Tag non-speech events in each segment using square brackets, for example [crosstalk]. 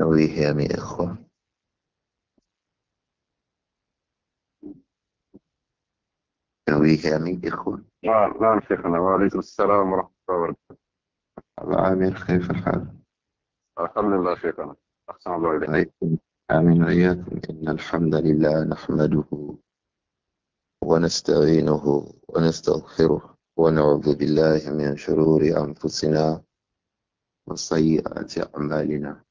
وبهم إخوة مي إخوة آه، نعم شيخنا وعليكم السلام ورحمة الله وبركاته عامر كيف الحال؟ الحمد لله شيخنا أحسن الله إليك آمين وإياكم إن الحمد لله نحمده ونستعينه ونستغفره ونعوذ بالله من شرور أنفسنا وسيئات أعمالنا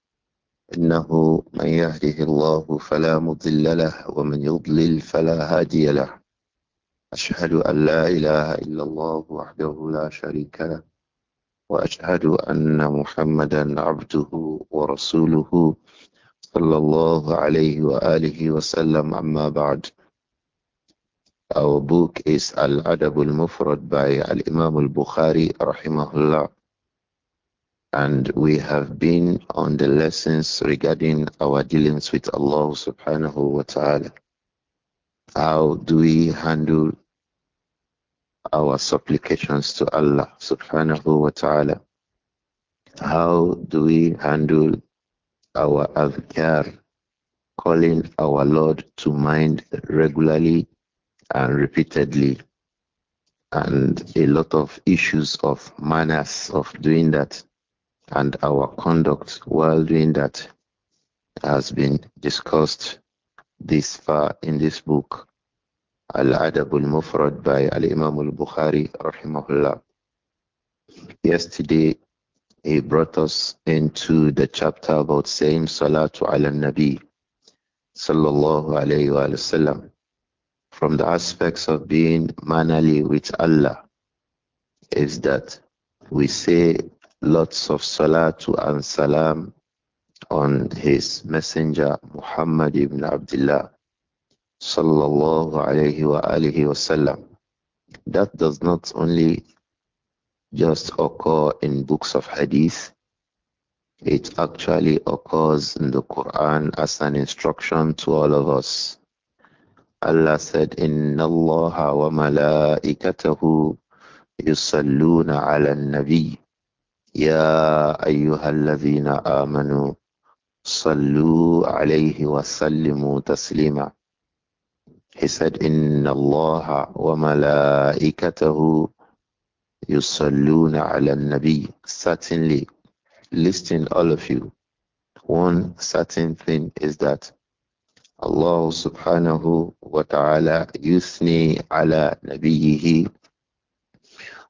إنه من يهده الله فلا مضل له ومن يضلل فلا هادي له أشهد أن لا إله إلا الله وحده لا شريك له وأشهد أن محمدا عبده ورسوله صلى الله عليه وآله وسلم أما بعد Our book is Al-Adab al-Mufrad by Al-Imam al-Bukhari rahimahullah and we have been on the lessons regarding our dealings with Allah subhanahu wa ta'ala. How do we handle our supplications to Allah subhanahu wa ta'ala? How do we handle our adhkar, calling our Lord to mind regularly and repeatedly? And a lot of issues of manners of doing that and our conduct while doing that has been discussed this far in this book, Al Adabul Mufrad by Al Imam al Bukhari, rahimahullah. Yesterday, he brought us into the chapter about saying Salatu ala Nabi, sallallahu alayhi wa sallam, from the aspects of being manly with Allah, is that we say lots of salatu and salam on his messenger Muhammad ibn Abdullah sallallahu alayhi wa alihi wasallam. That does not only just occur in books of hadith, it actually occurs in the Quran as an instruction to all of us. Allah said, Inna Allah wa malaikatahu yusalluna ala nabi يا أيها الذين آمنوا صلوا عليه وسلموا تسليما He said, إن الله وملائكته يصلون على النبي Certainly, listen all of you. One certain thing is that Allah subhanahu wa ta'ala yusni ala nabiyihi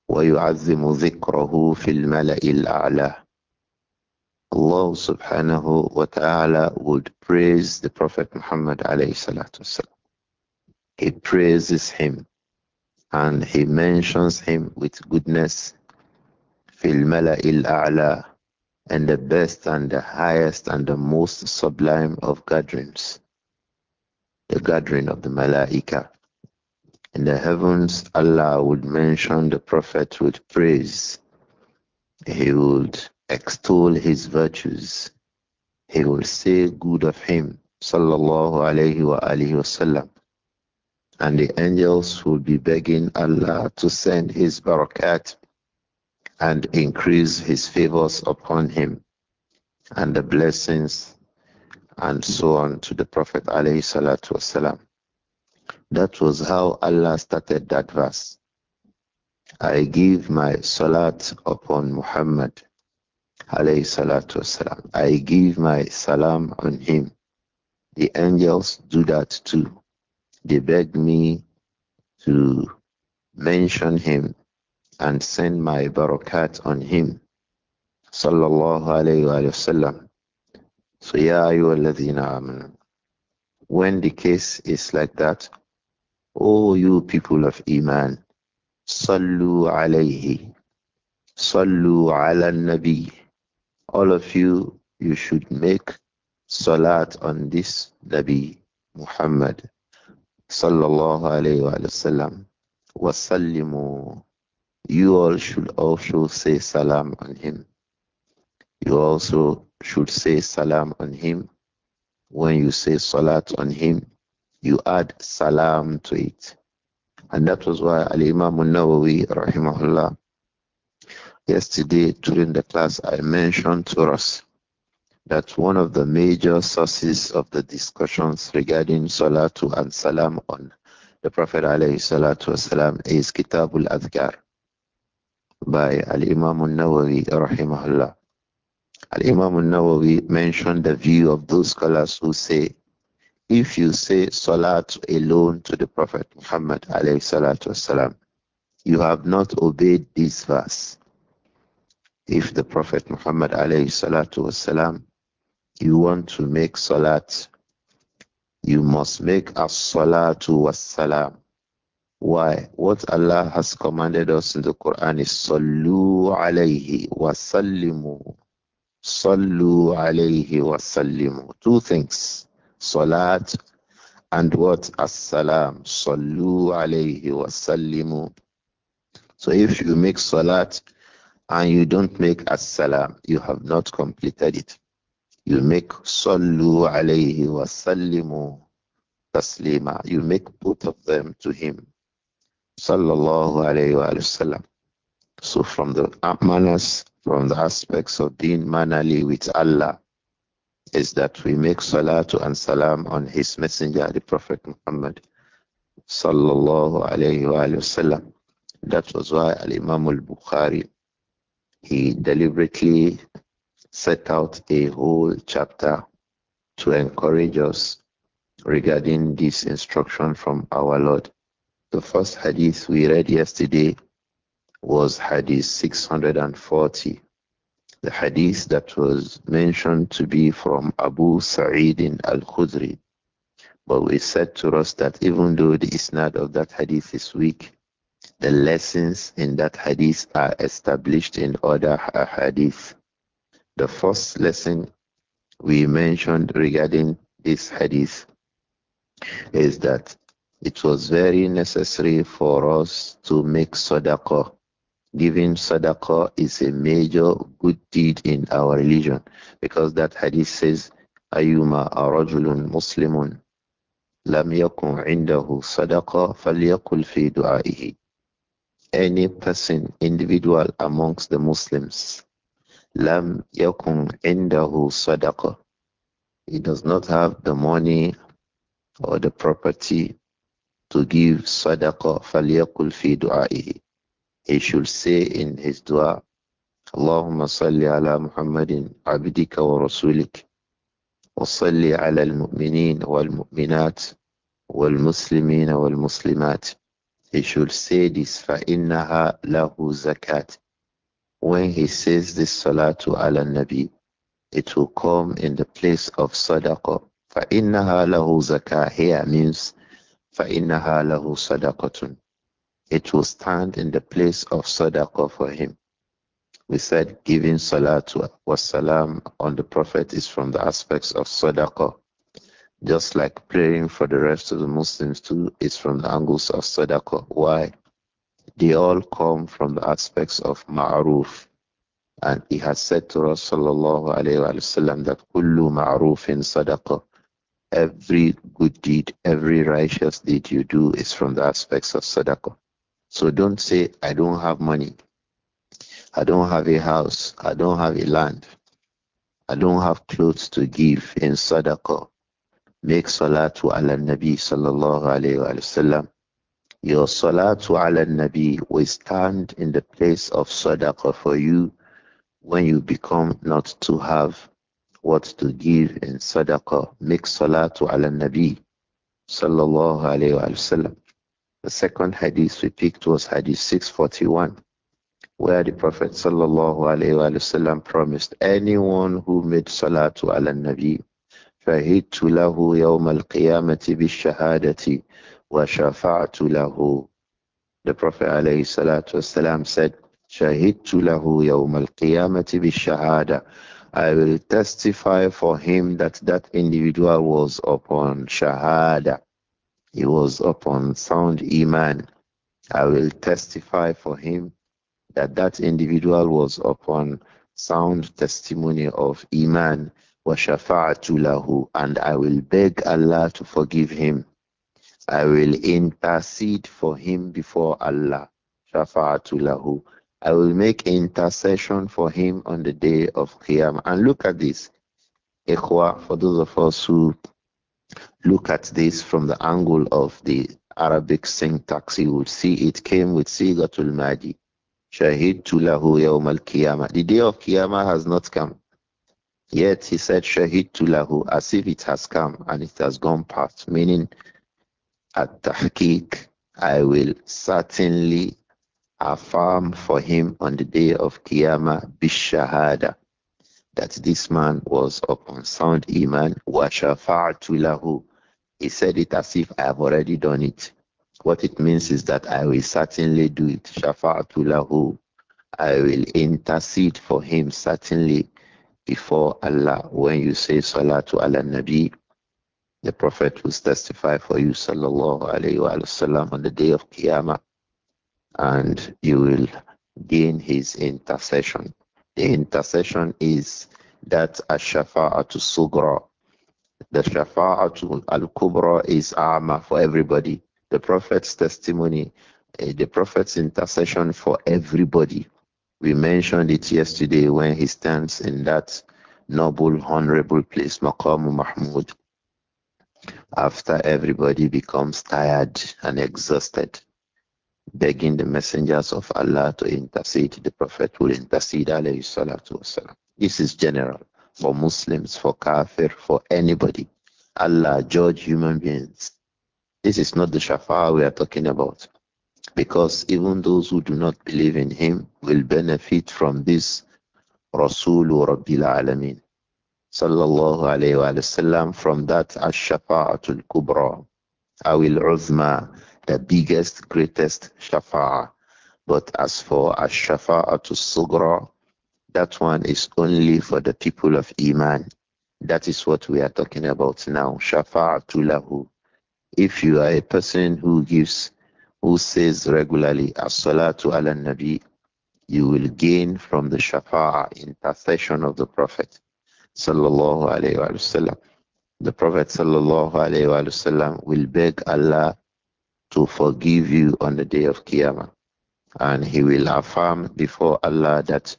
ويعظم ذكره في الملأ الأعلى Allah subhanahu wa ta'ala would praise the Prophet Muhammad alayhi salatu wasalam. He praises him and he mentions him with goodness fil mala'il and the best and the highest and the most sublime of gatherings. The gathering of the mala'ika. In the heavens, Allah would mention the Prophet with praise. He would extol his virtues. He would say good of him, sallallahu alayhi wa alayhi wasallam. And the angels would be begging Allah to send his barakat and increase his favors upon him and the blessings and so on to the Prophet alayhi salatu wasalam. That was how Allah started that verse. I give my salat upon Muhammad alayhi salatu I give my salam on him. The angels do that too. They beg me to mention him and send my barakat on him. Sallallahu alayhi wa sallam. So ya ayyuhalladhina amanu. When the case is like that, O oh, you people of Iman, Sallu alayhi, Sallu ala nabi. All of you, you should make salat on this Nabi Muhammad sallallahu alayhi wa sallam. Wasallimu. You all should also say salam on him. You also should say salam on him when you say salat on him you add salam to it. And that was why Al Imam Nawawi, rahimahullah, yesterday during the class, I mentioned to us that one of the major sources of the discussions regarding salatu and salam on the Prophet alayhi salatu والسلام, is Kitabul Adhkar by Al Imam Nawawi rahimahullah. Al Imam Nawawi mentioned the view of those scholars who say if you say salat alone to the Prophet Muhammad والسلام, you have not obeyed this verse. If the Prophet Muhammad والسلام, you want to make salat, you must make as salatu was salam. Why? What Allah has commanded us in the Quran is Sallu alayhi wa sallimu. Sallu alayhi wa sallimu. Two things. Salat, and what? As-salam. Sallu alayhi wa sallimu. So if you make salat and you don't make as-salam, you have not completed it. You make sallu alayhi wa sallimu taslima. You make both of them to him. Sallallahu alayhi wa sallam. So from the manners, from the aspects of being mannerly with Allah, is that we make salatu and salam on his messenger, the Prophet Muhammad sallallahu alayhi wa sallam. That was why Al-Imam al-Bukhari, he deliberately set out a whole chapter to encourage us regarding this instruction from our Lord. The first hadith we read yesterday was hadith 640 the hadith that was mentioned to be from Abu Sa'id al-Khudri. But we said to us that even though the isnad of that hadith is weak, the lessons in that hadith are established in other hadith. The first lesson we mentioned regarding this hadith is that it was very necessary for us to make sadaqah giving sadaqah is a major good deed in our religion because that hadith says ayuma arajulun muslimun lam yakun indahu sadaqah falyakul fi du'aihi any person individual amongst the muslims lam yakun indahu sadaqah he does not have the money or the property to give sadaqah falyakul fi du'aihi he should say in his dua, اللهم صل على محمد عبدك ورسولك وصل على المؤمنين والمؤمنات والمسلمين والمسلمات he should say this فإنها له زكاة when he says this salatu ala nabi it will come in the place of sadaqah فإنها له زكاة here means فإنها له صدقة it will stand in the place of sadaqah for him. We said giving salatu was salam on the Prophet is from the aspects of sadaqah. Just like praying for the rest of the Muslims too is from the angles of sadaqah. Why? They all come from the aspects of ma'ruf. And he has said to us, sallallahu alayhi that kullu in sadaqah. Every good deed, every righteous deed you do is from the aspects of sadaqah. So don't say, I don't have money. I don't have a house. I don't have a land. I don't have clothes to give in sadaqah. Make salatu ala nabi sallallahu alayhi wa sallam. Your salatu ala nabi will stand in the place of sadaqah for you when you become not to have what to give in sadaqah. Make salatu ala nabi sallallahu alayhi wa sallam. The second hadith we picked was hadith 641, where the Prophet وسلم, promised anyone who made salatu ala nabi, فَهِدْتُ لَهُ يَوْمَ الْقِيَامَةِ بِالشَّهَادَةِ وَشَفَعْتُ لَهُ The Prophet والسلام, said, شَهِدْتُ لَهُ يَوْمَ الْقِيَامَةِ بِالشَّهَادَةِ I will testify for him that that individual was upon shahada. He was upon sound Iman. I will testify for him that that individual was upon sound testimony of Iman wa shafa'atu lahu and I will beg Allah to forgive him. I will intercede for him before Allah. Shafa'atu lahu. I will make intercession for him on the day of Qiyam. And look at this. Ikhwa, for those of us who look at this from the angle of the Arabic syntax, you would see it came with Sigatul Mahdi. Shahidtu lahu yawm al-qiyamah. The day of Qiyamah has not come. Yet he said Shahidtu lahu as if it has come and it has gone past, meaning at tahqiq, I will certainly affirm for him on the day of Qiyamah bishahada that this man was upon sound iman wa shafa'tu lahu. He said it as if I have already done it. What it means is that I will certainly do it. Shafa'tu lahu. I will intercede for him certainly before Allah. When you say salatu ala nabi, the Prophet will testify for you sallallahu alayhi wa on the day of Qiyamah and you will gain his intercession. The intercession is that ash-shafa'atu sugra. The shafa'atu al-kubra is ama for everybody. The Prophet's testimony, eh, the Prophet's intercession for everybody. We mentioned it yesterday when he stands in that noble, honorable place, Maqam Mahmud, after everybody becomes tired and exhausted begging the messengers of Allah to intercede, the Prophet will intercede, This is general for Muslims, for kafir, for anybody. Allah judge human beings. This is not the shafaah we are talking about. Because even those who do not believe in him will benefit from this Rasul Rabbil Alameen. Sallallahu alayhi wa sallam from that ash-shafa'atul kubra awil uzma the biggest, greatest shafa'a. But as for as shafa'a to sugra, that one is only for the people of Iman. That is what we are talking about now. Shafa'a to lahu. If you are a person who gives, who says regularly, as-salatu ala nabi, you will gain from the shafa'a, intercession of the Prophet. Sallallahu alayhi wa sallam. The Prophet sallallahu alayhi wa sallam will beg Allah to forgive you on the day of Qiyamah. And He will affirm before Allah that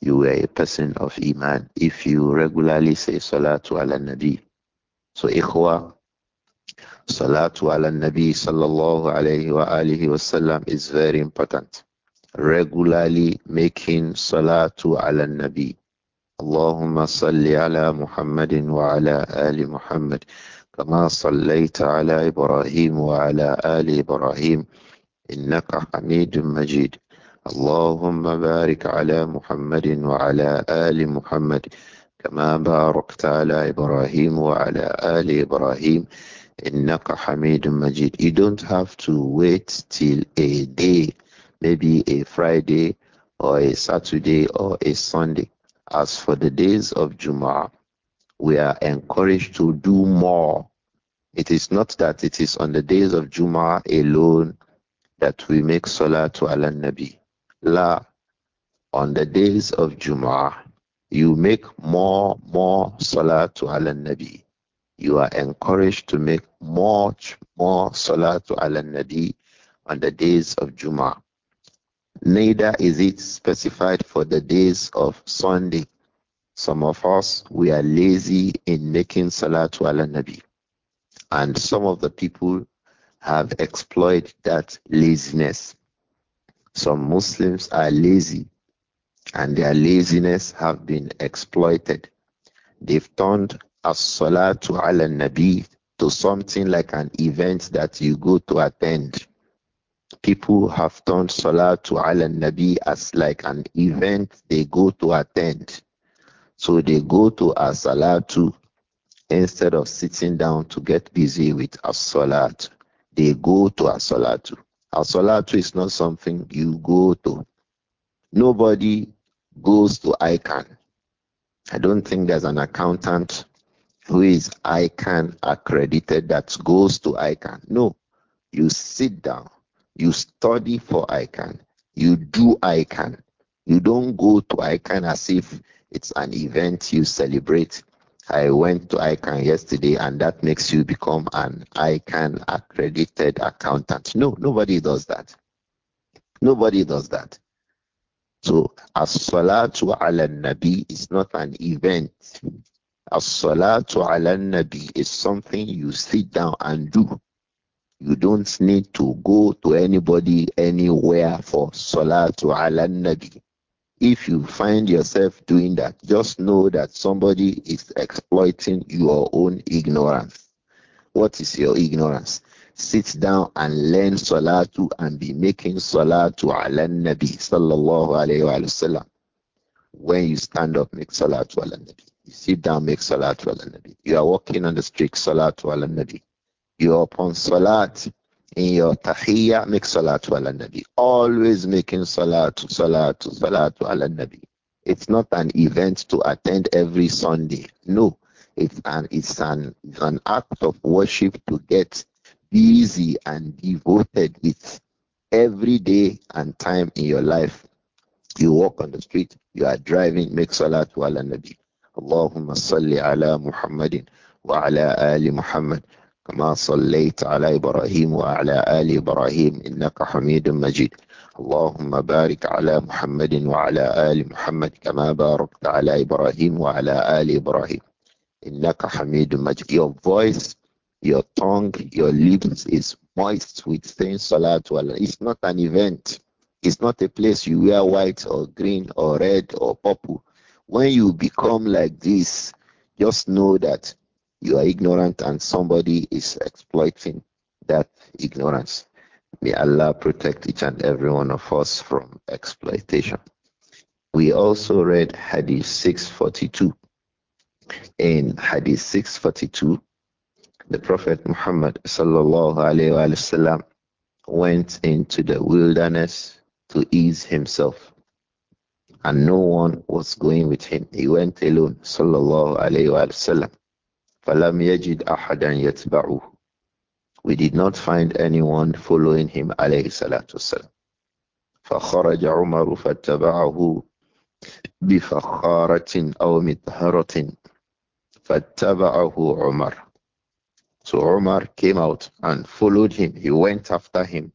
you were a person of Iman if you regularly say Salatu ala Nabi. So, Ikhwa, Salatu ala Nabi sallallahu alayhi wa alihi wasallam is very important. Regularly making Salatu ala Nabi. Allahumma salli ala Muhammadin wa ala ali Muhammad. كما صليت على إبراهيم وعلى آل إبراهيم إنك حميد مجيد اللهم بارك على محمد وعلى آل محمد كما باركت على إبراهيم وعلى آل إبراهيم إنك حميد مجيد You don't have to wait till a day, maybe a Friday or a Saturday or a Sunday. As for the days of Jum'ah, we are encouraged to do more it is not that it is on the days of Jum'ah alone that we make salah to Allah Nabi. La, on the days of Jum'ah, you make more, more salah to Allah Nabi. You are encouraged to make much more salah to Allah Nabi on the days of Jum'ah. Neither is it specified for the days of Sunday. Some of us, we are lazy in making salah to Allah Nabi and some of the people have exploited that laziness. Some Muslims are lazy and their laziness have been exploited. They've turned as-salatu al nabi to something like an event that you go to attend. People have turned to al nabi as like an event they go to attend. So they go to as-salatu instead of sitting down to get busy with a salat they go to a salatu A salatu is not something you go to. Nobody goes to ICANN. I don't think there's an accountant who is ICANN accredited that goes to ICANN. No, you sit down, you study for ICANN, you do ICANN. You don't go to ICANN as if it's an event you celebrate I went to ICANN yesterday, and that makes you become an ICANN accredited accountant. No, nobody does that. Nobody does that. So, as-salatu ala nabi is not an event. As-salatu ala nabi is something you sit down and do. You don't need to go to anybody anywhere for salatu ala nabi. If you find yourself doing that, just know that somebody is exploiting your own ignorance. What is your ignorance? Sit down and learn Salatu and be making Salatu ala Nabi sallallahu alayhi wa, alayhi When you stand up, make Salatu ala Nabi. You sit down, make Salatu ala Nabi. You are walking on the street, Salatu ala Nabi. You are upon Salat, in your tahiyya, make salatu ala nabi. Always making salatu, salatu, salatu ala nabi. It's not an event to attend every Sunday. No, it's an it's an it's an act of worship to get busy and devoted with every day and time in your life. You walk on the street, you are driving, make salatu ala nabi. Allahumma salli ala Muhammadin wa ala ali Muhammad. كما صليت على إبراهيم وعلى آل إبراهيم إنك حميد مجيد اللهم بارك على محمد وعلى آل محمد كما باركت على إبراهيم وعلى آل إبراهيم إنك حميد مجيد Your voice, your tongue, your lips is moist with saying salat It's not an event. It's not a place you wear white or green or red or purple. When you become like this, just know that you are ignorant and somebody is exploiting that ignorance. May Allah protect each and every one of us from exploitation. We also read Hadith 642. In Hadith 642, the Prophet Muhammad sallallahu alayhi wasallam went into the wilderness to ease himself. And no one was going with him. He went alone, sallallahu alayhi wasallam. فَلَمْ يَجِدْ أَحَدًا يَتْبَعُهُ We did not find anyone following him عليه الصلاة والسلام فخرج عمر فاتبعه بفخارة أو مطهرة فاتبعه عمر So Umar came out and followed him. He went after him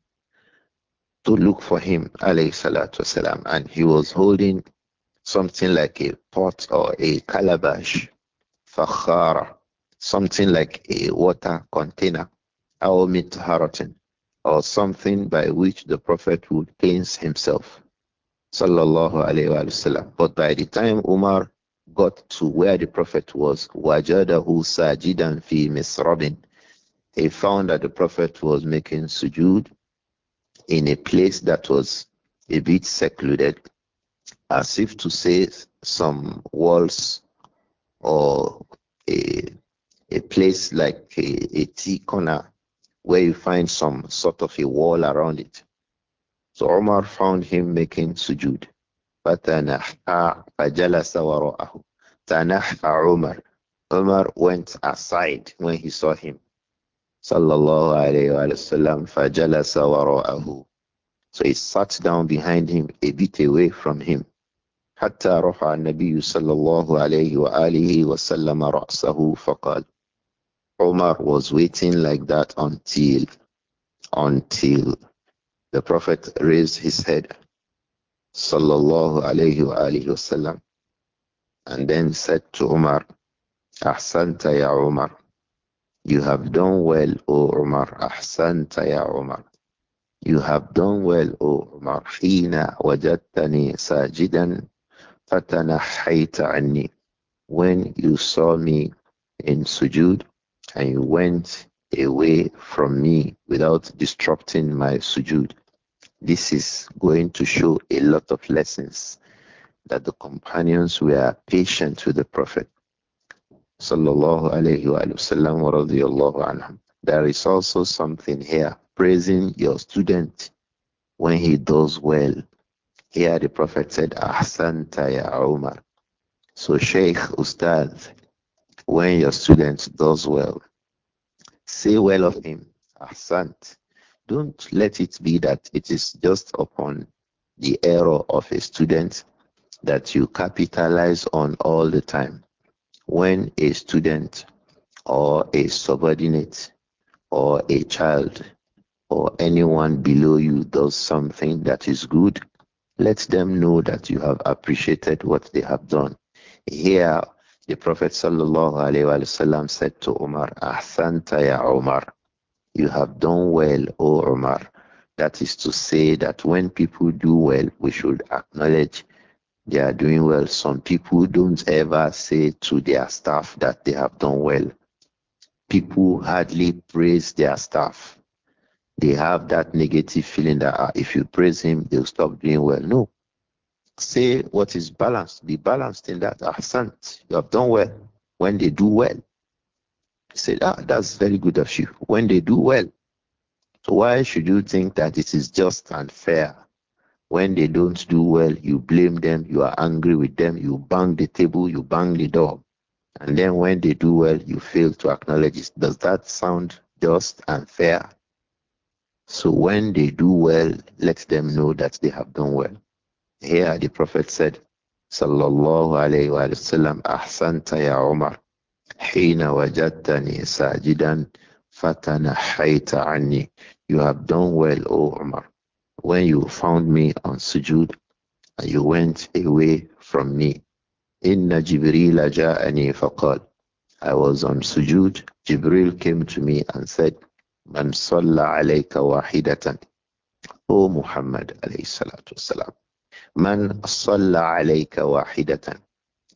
to look for him, alayhi salatu wasalam. And he was holding something like a pot or a calabash, fakhara. something like a water container, or mitaharotin, or something by which the Prophet would cleanse himself. Sallallahu alayhi wasallam. Wa but by the time Umar got to where the Prophet was, wajadahu sajidan fi misrabin. He found that the Prophet was making sujud in a place that was a bit secluded, as if to say some walls or a a place like a, a T corner where you find some sort of a wall around it. So Omar found him making sujud. فَتَنَحَّى فَجَلَسَ وَرَاءَهُ تَنَحَّى عُمَرُ Umar went aside when he saw him. Sallallahu alayhi wa sallam So he sat down behind him, a bit away from him. حتى رفع النبي صلى الله عليه وآله وسلم رأسه فقال Omar was waiting like that until until the Prophet raised his head, sallallahu alayhi wa alayhi and then said to Umar, Ahsanta ya Umar, you have done well, O Umar. Ahsanta ya Umar, You have done well, O Umar." Hina wajadtani sajidan fatanahayta anni. When you saw me in sujud, and you went away from me without disrupting my sujud. This is going to show a lot of lessons that the companions were patient with the Prophet. Sallallahu There is also something here praising your student when he does well. Here the Prophet said, Ahsanta ya Umar. So Sheikh Ustad, when your student does well. Say well of him, Ahsant. Don't let it be that it is just upon the error of a student that you capitalize on all the time. When a student or a subordinate or a child or anyone below you does something that is good, let them know that you have appreciated what they have done. Here the Prophet وسلم, said to Umar, Ahsanta ya Umar, you have done well, O Umar. That is to say that when people do well, we should acknowledge they are doing well. Some people don't ever say to their staff that they have done well. People hardly praise their staff. They have that negative feeling that ah, if you praise him, they'll stop doing well. No, say what is balanced. Be balanced in that. Ahsant, you have done well when they do well. He said, Ah, that's very good of you. When they do well. So why should you think that it is just and fair? When they don't do well, you blame them, you are angry with them, you bang the table, you bang the door. And then when they do well, you fail to acknowledge it. Does that sound just and fair? So when they do well, let them know that they have done well. Here the Prophet said, Sallallahu alayhi wasallam, Ahsanta ya Umar, Hina wajadtani sajidan fatana hayta anni. You have done well, O Umar. When you found me on sujud, and you went away from me. Inna Jibril ja'ani faqal. I was on sujud. Jibril came to me and said, Man salla alayka wahidatan. O Muhammad alayhi salatu salam.'" Man salla alayka wahidatan.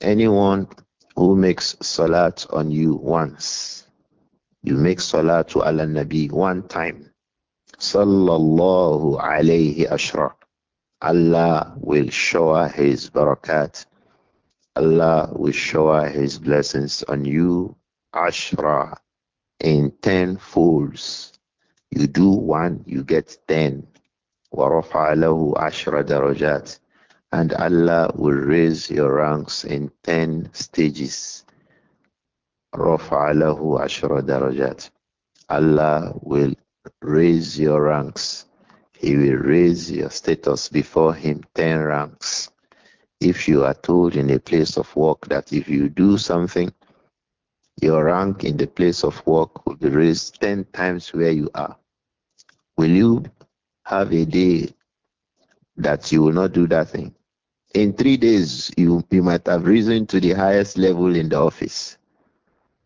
Anyone who makes salat on you once. You make salat to Allah Nabi one time. Sallallahu alayhi ashra. Allah will shower His barakat. Allah will shower His blessings on you, ashra, in ten folds. You do one, you get ten. وَرَفَعَ لَهُ عَشْرَ درجات and Allah will raise your ranks in 10 stages. Allah will raise your ranks. He will raise your status before him 10 ranks. If you are told in a place of work that if you do something, your rank in the place of work will be raised 10 times where you are. Will you have a day that you will not do that thing? in three days, you, you might have risen to the highest level in the office.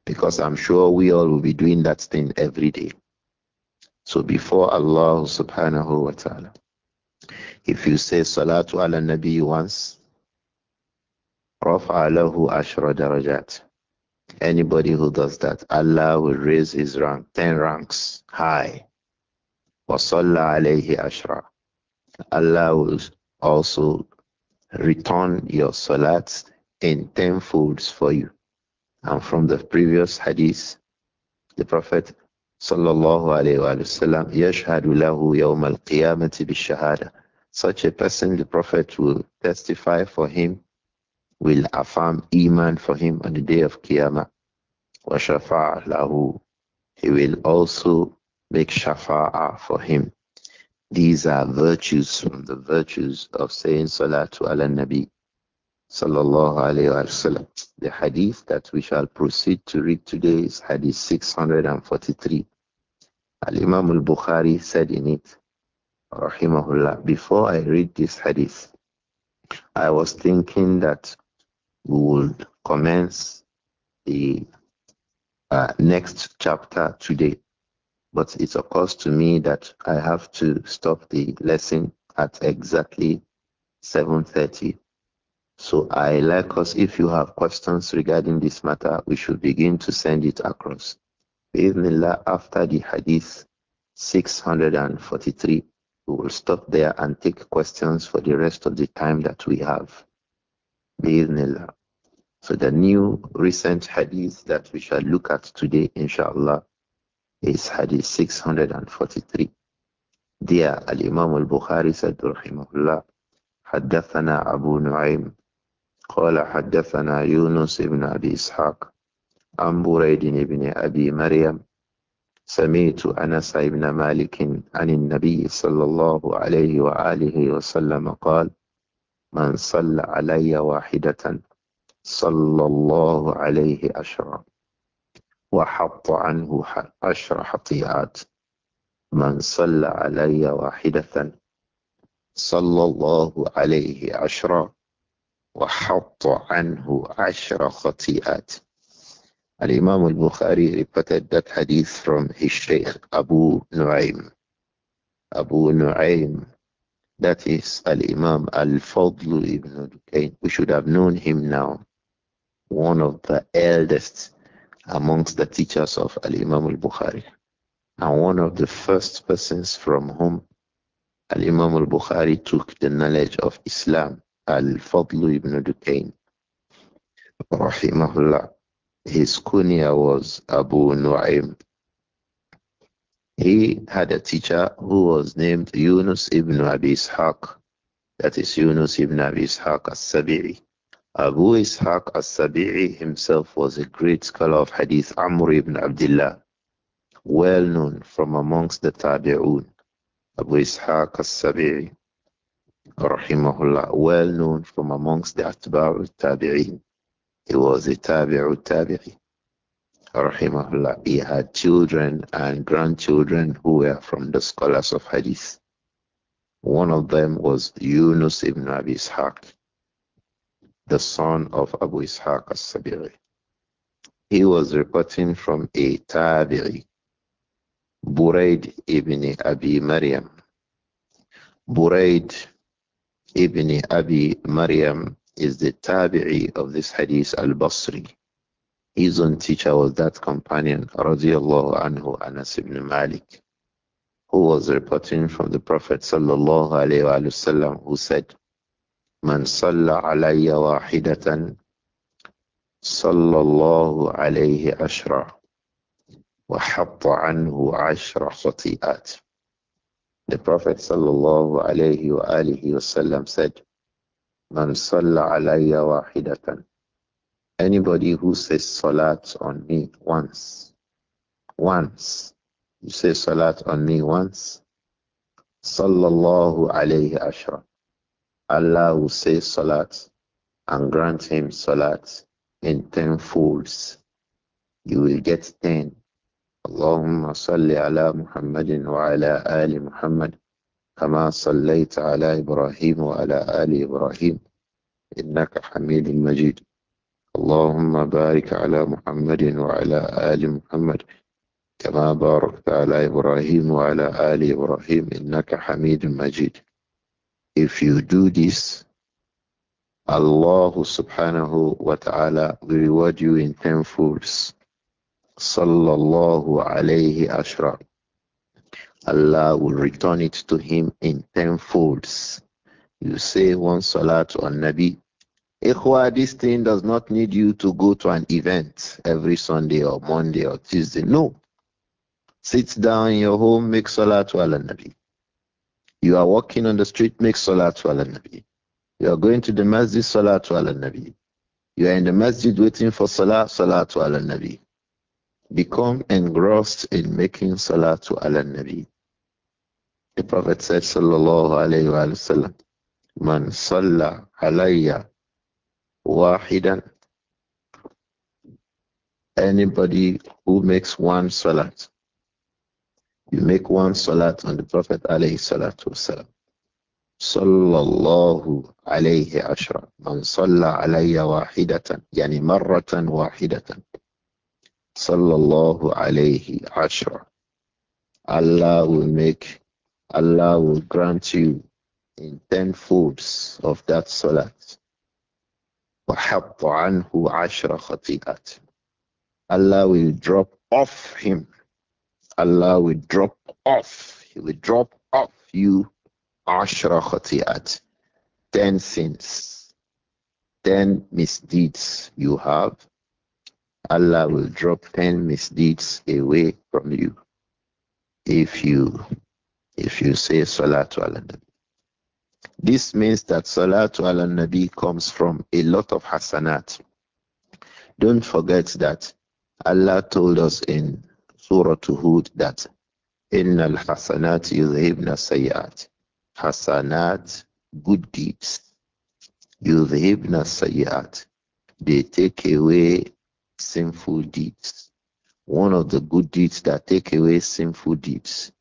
Because I'm sure we all will be doing that thing every day. So before Allah subhanahu wa ta'ala, if you say Salatu ala Nabi once, Rafa lahu ashra darajat. Anybody who does that, Allah will raise his rank 10 ranks high. Wasalla alayhi ashra. Allah will also return your salats in tenfolds for you. And from the previous hadith, the Prophet sallallahu alayhi wasallam yashhadu lahu al-qiyamati shahada. Such a person, the Prophet will testify for him, will affirm iman for him on the day of Qiyamah. Wa lahu. He will also make shafa'a for him. These are virtues from the virtues of saying Salatu ala Nabi sallallahu alayhi wa sallam. The hadith that we shall proceed to read today is hadith 643. Al-Imam al-Bukhari said in it, rahimahullah, before I read this hadith, I was thinking that we would commence the uh, next chapter today. But it occurs to me that I have to stop the lesson at exactly 7.30. So I like us, if you have questions regarding this matter, we should begin to send it across. Bismillah, after the hadith 643, we will stop there and take questions for the rest of the time that we have. Bismillah. So the new recent hadith that we shall look at today, inshallah, is Hadith 643. Dear Al-Imam al-Bukhari said, Rahimahullah, Haddathana Abu Nu'aym, Qala Haddathana Yunus ibn Abi Ishaq, Ambu Raydin ibn Abi Maryam, Samitu Anasa ibn Malikin, Anin Nabi sallallahu alayhi wa alihi wasallam. sallam, Qal, Man salla alayya wahidatan, Sallallahu alayhi ashram. وحط عنه عشر حطيئات من صلى علي واحدة صلى الله عليه عشرا وحط عنه عشر خطيئات الإمام البخاري ربطت حديث from his الشيخ أبو نعيم أبو نعيم that is الإمام الفضل ابن دكين we should have known him now one of the eldest amongst the teachers of Al Imam al Bukhari. And one of the first persons from whom Al Imam al Bukhari took the knowledge of Islam, Al Fadlu ibn Dukayn. Rahimahullah. His kunya was Abu Nu'aym. He had a teacher who was named Yunus ibn Abi Ishaq. That is Yunus ibn Abi Ishaq al sabii Abu Ishaq as-Sabi'i himself was a great scholar of hadith, Amr ibn Abdullah, well known from amongst the Tabi'un. Abu Ishaq as-Sabi'i, rahimahullah, well known from amongst the Atba'u Tabi'in. He was a Tabi'u Tabi'i, rahimahullah. He had children and grandchildren who were from the scholars of hadith. One of them was Yunus ibn Abi Ishaq the son of Abu Ishaq al-Sabiri. He was reporting from a Tabi'i, Buraid ibn Abi Maryam. Buraid ibn Abi Maryam is the Tabi'i of this hadith al-Basri. His own teacher was that companion, radiallahu anhu, Anas ibn Malik, who was reporting from the Prophet sallallahu alayhi wa sallam, who said, من صلى علي واحدة صلى الله عليه عشرة وحط عنه عشر خطيئات. The Prophet صلى الله عليه وآله وسلم said, من صلى علي واحدة Anybody who says salat on me once, once, you say salat on me once, صلى الله عليه عشرة Allah will say salat and grant him salat in ten folds. You will get ten. اللهم صل على محمد وعلى آل محمد كما صليت على إبراهيم وعلى آل إبراهيم إنك حميد مجيد اللهم بارك على محمد وعلى آل محمد كما باركت على إبراهيم وعلى آل إبراهيم إنك حميد مجيد if you do this, Allah subhanahu wa ta'ala will reward you in tenfolds. Sallallahu alayhi ashra. Allah will return it to him in tenfolds. You say one salat on Nabi. Ikhwa, this thing does not need you to go to an event every Sunday or Monday or Tuesday. No. Sit down in your home, make salat ala Nabi. You are walking on the street, make to Allah nabi. You are going to the masjid, to Allah nabi. You are in the masjid waiting for salah, to Allah nabi. Become engrossed in making to Allah nabi. The Prophet said, sallallahu alayhi wasallam, alayhi wa sallam, man salla alayya wahidan. Anybody who makes one salat, you make one salat on the Prophet alayhi salatu wasalam. Sallallahu alayhi ashra. Man salla alayya wahidatan. Yani marratan wahidatan. Sallallahu alayhi ashra. Allah will make, Allah will grant you in ten folds of that salat. وحط عنه عشر خطيئات. Allah will drop off him Allah will drop off, He will drop off you ashra khati'at, ten sins, ten misdeeds you have. Allah will drop ten misdeeds away from you if you if you say salatu ala nabi. This means that salatu ala nabi comes from a lot of hasanat. Don't forget that Allah told us in Surah Hud that Inna al Hasanat yudhibna sayyat. Hasanat, good deeds. Yudhibna sayyat. They take away sinful deeds. One of the good deeds that take away sinful deeds,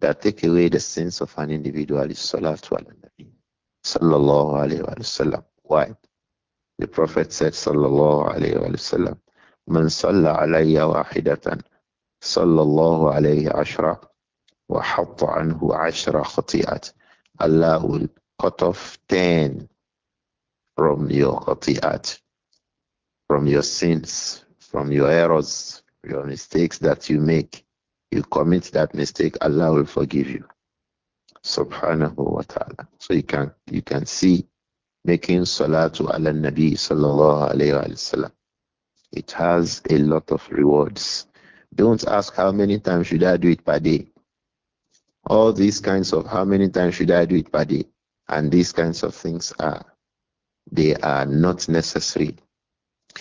that take away the sins of an individual is Salatu ala Nabi. Sallallahu alayhi wasallam Why? The Prophet said, Sallallahu alayhi wasallam Man salla alayya wahidatan صلى الله عليه عشرة وحط عنه عشرة خطيئات Allah will cut off 10 from your خطيئات from your sins, from your errors, your mistakes that you make. You commit that mistake, Allah will forgive you. Subhanahu wa ta'ala. So you can you can see making salatu ala nabi sallallahu alayhi wa sallam. It has a lot of rewards. Don't ask how many times should I do it per day. All these kinds of how many times should I do it per day and these kinds of things are they are not necessary.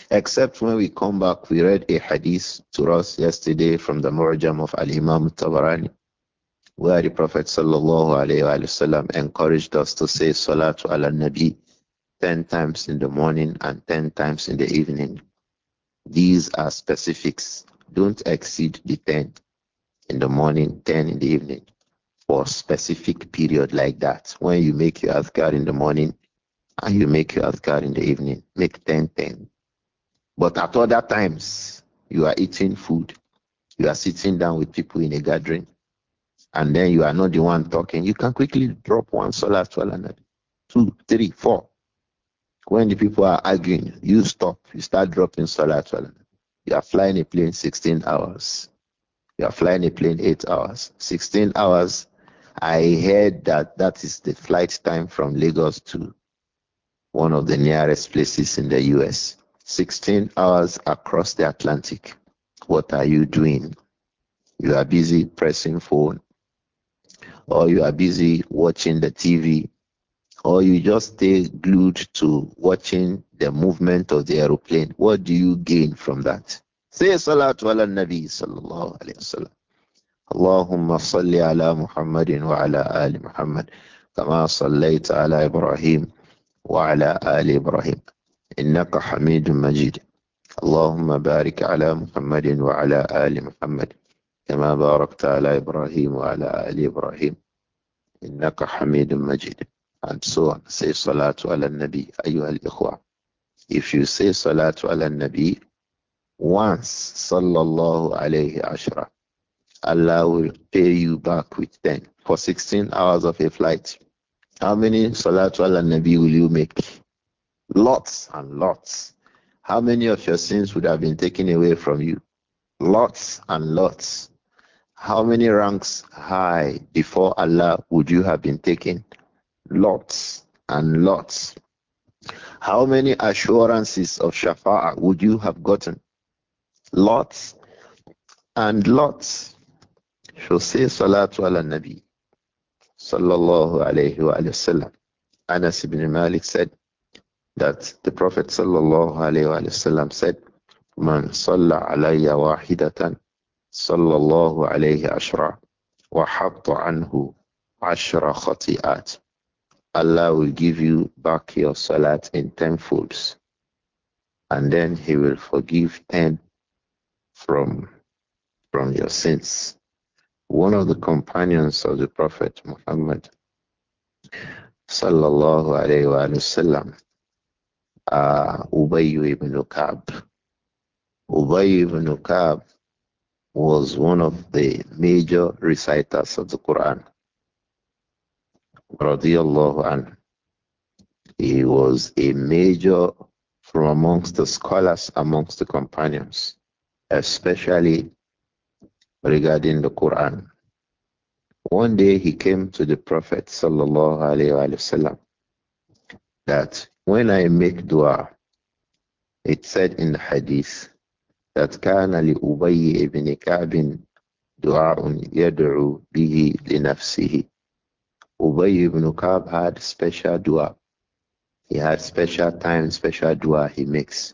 Except when we come back, we read a hadith to us yesterday from the Murjam of Al Imam Tabarani, where the Prophet wasallam encouraged us to say Salatu ala Nabi 10 times in the morning and 10 times in the evening. These are specifics don't exceed the 10 in the morning, 10 in the evening for a specific period like that. When you make your adhkar in the morning and you make your adhkar in the evening, make 10 10. But at other times, you are eating food, you are sitting down with people in a gathering, and then you are not the one talking. You can quickly drop one salah to another, two, three, four. When the people are arguing, you stop, you start dropping solar, 12. You are flying a plane 16 hours. You are flying a plane 8 hours. 16 hours. I heard that that is the flight time from Lagos to one of the nearest places in the US. 16 hours across the Atlantic. What are you doing? You are busy pressing phone or you are busy watching the TV or you just stay glued to watching the movement of the aeroplane, what do you gain from that? Say salat wa ala nabi sallallahu alayhi wa sallam. Allahumma salli ala Muhammadin wa ala ali Muhammad. Kama sallaita ala Ibrahim wa ala ali Ibrahim. Innaka hamidun majid. Allahumma barik ala Muhammadin wa ala ali Muhammad. Kama barakta ala Ibrahim wa ala ali Ibrahim. Innaka hamidun majid and so on. Say Salatu ala Nabi, ayyuhal ikhwa. If you say Salatu ala Nabi once, Sallallahu alayhi ashra, Allah will pay you back with 10 for 16 hours of a flight. How many Salatu ala Nabi will you make? Lots and lots. How many of your sins would have been taken away from you? Lots and lots. How many ranks high before Allah would you have been taken? lots and lots. How many assurances of shafa would you have gotten? Lots and lots. So say Salatu ala Nabi. Sallallahu alayhi wa sallam. Anas ibn Malik said that the Prophet sallallahu alayhi wa sallam said, Man salla alayya wahidatan sallallahu alayhi ashra wa habtu anhu ashra khati'at. Allah will give you back your salat in tenfolds, and then He will forgive ten from from your sins. One of the companions of the Prophet Muhammad, sallallahu alaihi wasallam, uh, ibn Ka'b. Ubayy ibn Ka'b was one of the major reciters of the Quran radiallahu anhu. He was a major from amongst the scholars amongst the companions, especially regarding the Quran. One day he came to the Prophet sallallahu alaihi wasallam that when I make dua, it said in the hadith that kana li Ubayy ibn Ka'b du'a'un yad'u bihi li nafsihi Ubay ibn Kab had special dua. He had special time, special dua he makes,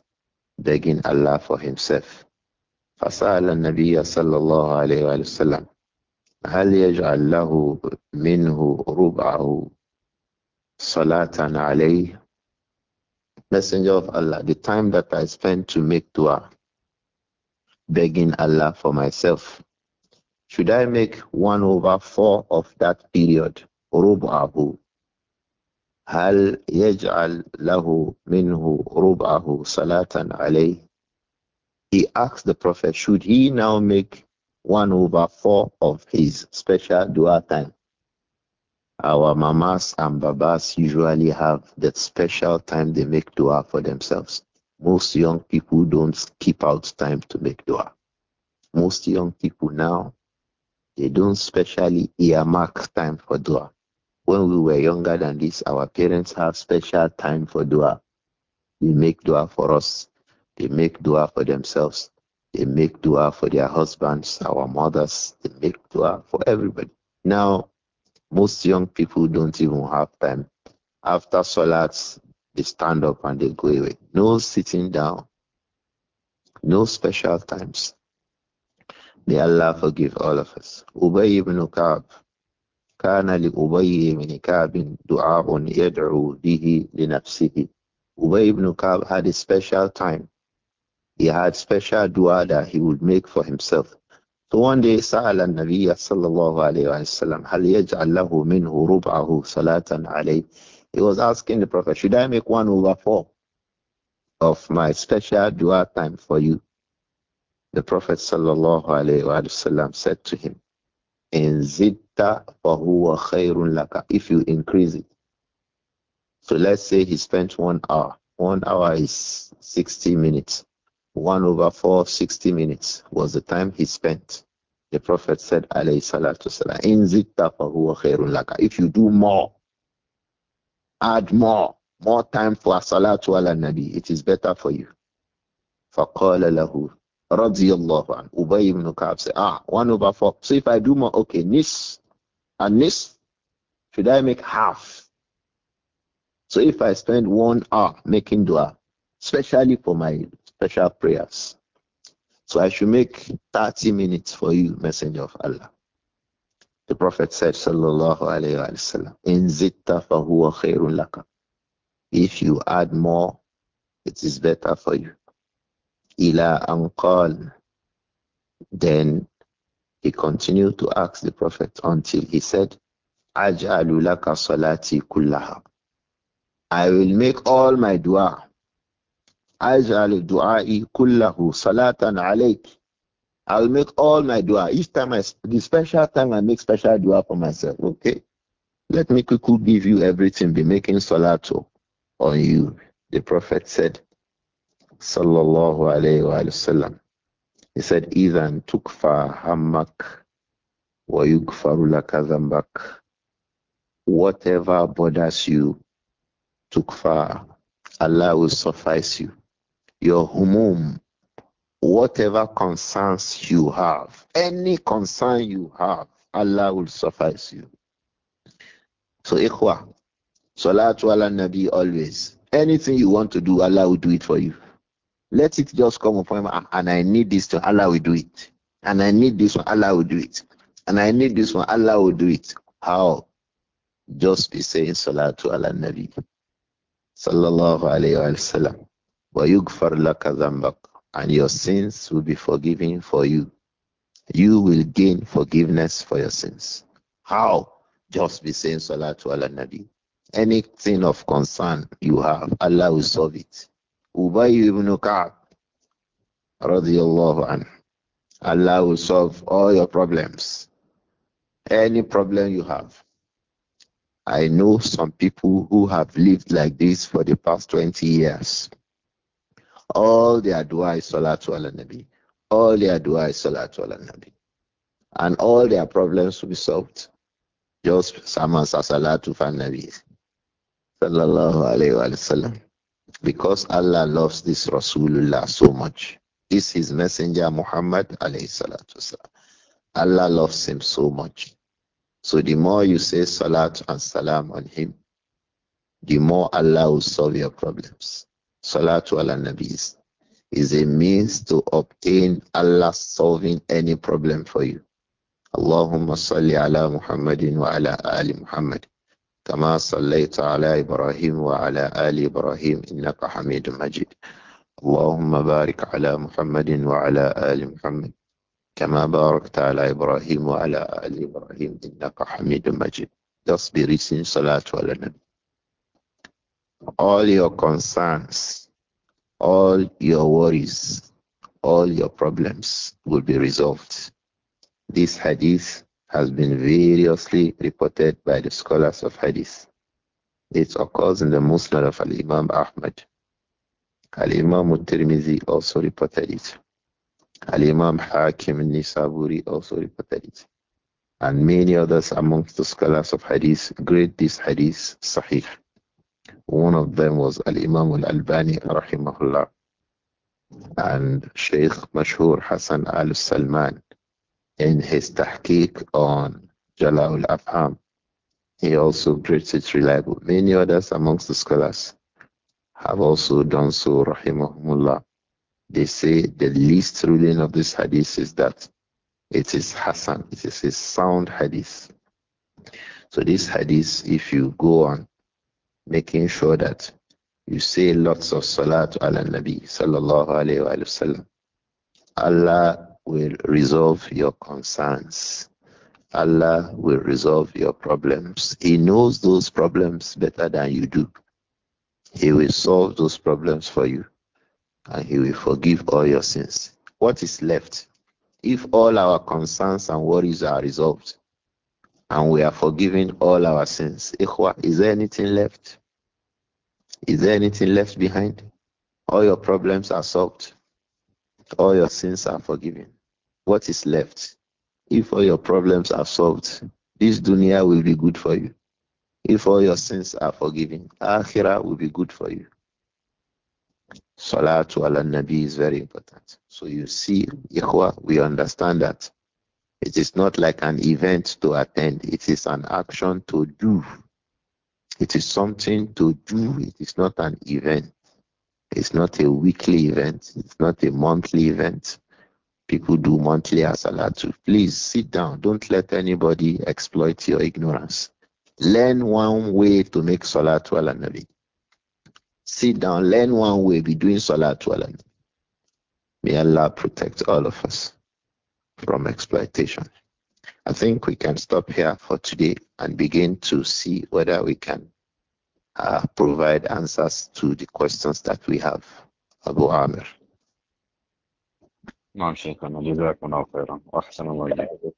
begging Allah for himself. فسأل النبي صلى الله عليه وسلم هل يجعل له منه ربعه صلاة عليه Messenger of Allah, the time that I spend to make dua, begging Allah for myself, should I make one over four of that period ربعه هل يجعل له منه ربعه صلاة عليه He asked the Prophet, should he now make one over four of his special dua time? Our mamas and babas usually have that special time they make dua for themselves. Most young people don't keep out time to make dua. Most young people now, they don't specially earmark time for dua when we were younger than this, our parents have special time for dua. They make dua for us. They make dua for themselves. They make dua for their husbands, our mothers. They make dua for everybody. Now, most young people don't even have time. After Salat, they stand up and they go away. No sitting down. No special times. May Allah forgive all of us. Ubay ibn Ka'b, كان لأبي بن كعب دعاء يدعو به لنفسه Ubay ibn Ka'b had a special time. He had special dua that he would make for himself. So one day, سأل النبي صلى الله عليه وسلم هل يجعل له منه ربعه صلاة عليه He was asking the Prophet, should I make one over four of my special dua time for you? The Prophet sallallahu alayhi wa sallam said to him, in zitta fahuwa laka. If you increase it. So let's say he spent one hour. One hour is 60 minutes. One over four, 60 minutes was the time he spent. The Prophet said, salatu salam, in laka. If you do more, add more, more time for salatu ala nabi, it is better for you. فَقَالَ لَهُ radiallahu an. Ubay ibn Ka'ab said, ah, one over four. So if I do more, okay, nis and nis, should I make half? So if I spend one hour making dua, especially for my special prayers, so I should make 30 minutes for you, Messenger of Allah. The Prophet said, Sallallahu Alaihi Wasallam, In zitta fahuwa khairun laka. If you add more, it is better for you ila anqal. Then he continued to ask the Prophet until he said, Aj'alu laka salati kullaha. I will make all my dua. Aj'alu du'a'i kullahu salatan alayk. I will make all my dua. Each time I, the special time I make special dua for myself. Okay. Let me quickly give you everything, be making salatu on you. The Prophet said, sallallahu alayhi wasallam. He said, Idan tukfa hammak wa yukfaru lakadhambak. Whatever bothers you, tukfa, Allah will suffice you. Your humum, whatever concerns you have, any concern you have, Allah will suffice you. So, ikhwa, salatu ala nabi always. Anything you want to do, Allah will do it for you. Let it just come upon him, ah, and I need this to Allah will do it. And I need this one, Allah will do it. And I need this one, Allah will do it. How? Just be saying Salatu ala Nabi. Sallallahu alayhi wa sallam. Wa yugfar laka dhambak. And your sins will be forgiven for you. You will gain forgiveness for your sins. How? Just be saying Salatu ala Nabi. Anything of concern you have, Allah will solve it. Ubay ibn Ka'b radiallahu anhu. Allah will solve all your problems. Any problem you have. I know some people who have lived like this for the past 20 years. All their dua is salatu ala nabi. All their dua is salatu ala nabi. And all their problems will be solved. Just sama salatu fan nabi. Sallallahu alayhi wa because Allah loves this Rasulullah so much. This is Messenger Muhammad alayhi salatu Allah loves him so much. So the more you say salat and salam on him, the more Allah will solve your problems. Salatu ala nabis is a means to obtain Allah solving any problem for you. Allahumma salli ala Muhammadin wa ala ali Muhammad. كما صليت على إبراهيم وعلى آل إبراهيم إنك حميد مجيد اللهم بارك على محمد وعلى آل محمد كما باركت على إبراهيم وعلى آل إبراهيم إنك حميد مجيد Just be صلاة Salat Nabi. All your concerns, all your worries, all your problems will be resolved. This hadith has been variously reported by the scholars of hadith. It occurs in the Musnad of Al Imam Ahmad. Al Imam Tirmizi also reported it. Al Imam Hakim Nisaburi also reported it. And many others amongst the scholars of hadith grade this hadith sahih. One of them was Al Imam Al Albani rahimahullah and Sheikh Mashhur Hassan Al Salman in his tahqiq on Jalal Afham. He also grades it reliable. Many others amongst the scholars have also done so, rahimahumullah. They say the least ruling of this hadith is that it is Hassan, it is a sound hadith. So this hadith, if you go on making sure that you say lots of salat ala nabi sallallahu alayhi wa, sallam, Allah will resolve your concerns. Allah will resolve your problems. He knows those problems better than you do. He will solve those problems for you and He will forgive all your sins. What is left? If all our concerns and worries are resolved and we are forgiven all our sins, is there anything left? Is there anything left behind? All your problems are solved, all your sins are forgiven what is left? If all your problems are solved, this dunya will be good for you. If all your sins are forgiven, akhirah will be good for you. Salatu ala nabi is very important. So you see, ikhwa, we understand that it is not like an event to attend. It is an action to do. It is something to do. It is not an event. It's not a weekly event. It's not a monthly event people do monthly asalatu. Please sit down. Don't let anybody exploit your ignorance. Learn one way to make salatu ala nabi. Sit down, learn one way, be doing salatu ala nabi. May Allah protect all of us from exploitation. I think we can stop here for today and begin to see whether we can uh, provide answers to the questions that we have. Abu Amir. نعم شيخنا جزاكم الله خيرا وأحسن الله إليكم